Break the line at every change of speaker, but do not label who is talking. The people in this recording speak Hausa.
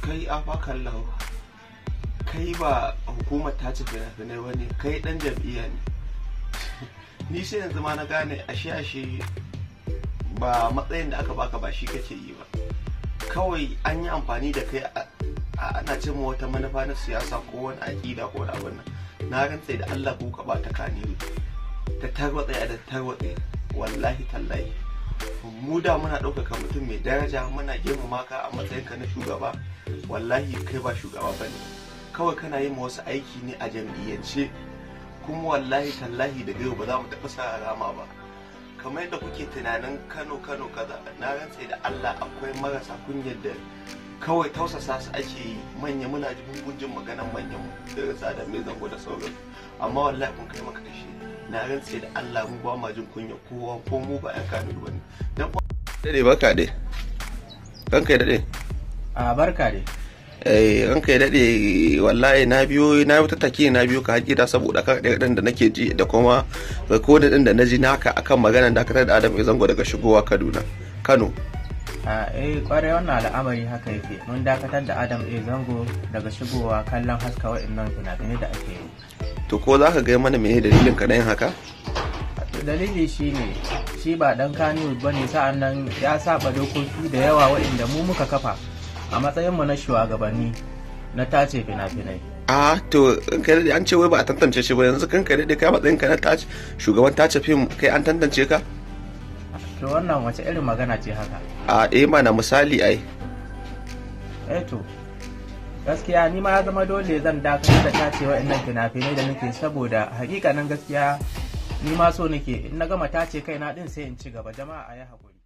kai afakallahu kai ba hukumar ta ce fina-finai ba ne kai dan jam'iyya ne ni sai yanzu ma na gane ashe ashe ba matsayin da aka baka ba shi kake yi ba kawai an yi amfani da kai a ana ce ma wata manufa na siyasa ko wani aƙida ko wani abin na rantsa da Allah ko ka bata kani ta tarwatse da tarwatse wallahi tallahi mu da muna ɗaukaka mutum mai daraja muna girmama ka a matsayinka na shugaba wallahi kai ba shugaba bane kawai kana yi ma wasu aiki ne a jam'iyyance kuma wallahi tallahi da yau ba za mu taɓa sa rama ba kamar yadda kuke tunanin kano kano kaza na rantse da allah akwai marasa kunyar da kawai tausasa su ake yi manya muna ji gunjin maganan manyan rasa da mai zango da sauran amma wallahi kun kai maka kashe na rantse da allah mu ba ma jin kunya kowa ko mu ba yan kano ba ka dade barka dai kanka dade
a barka dai
Eh, ranka ya daɗe wallahi na biyo na yi tattaki na biyo ka hakida saboda kan ɗin da nake ji da kuma da ɗin da na ji naka akan da dakatar da adam zango daga shigowa kaduna kano
a eh kwarai wannan al'amari haka yake mun dakatar da adam a zango daga shigowa kallon haska waɗannan fina-finai da ake yi
to ko za ka gai mana meye dalilin ka yin haka
dalili shi ne shi ba dan kanu ba ne sa'an nan ya saba dokoki da yawa waɗanda mu muka kafa a matsayinmu na shugabanni na tace fina-finai
a to kai da an ce wai ba a tantance shi ba yanzu kan kai daɗe kai matsayin ka na tace shugaban tace fim kai an tantance ka
to wannan wace irin magana ce haka
a eh mana misali ai eh to
gaskiya ni ma ya zama dole zan dakatar da tace wa'annan fina-finai da nake saboda hakikanin gaskiya ni ma so nake in na gama tace kaina din sai in ci gaba jama'a a yi hakuri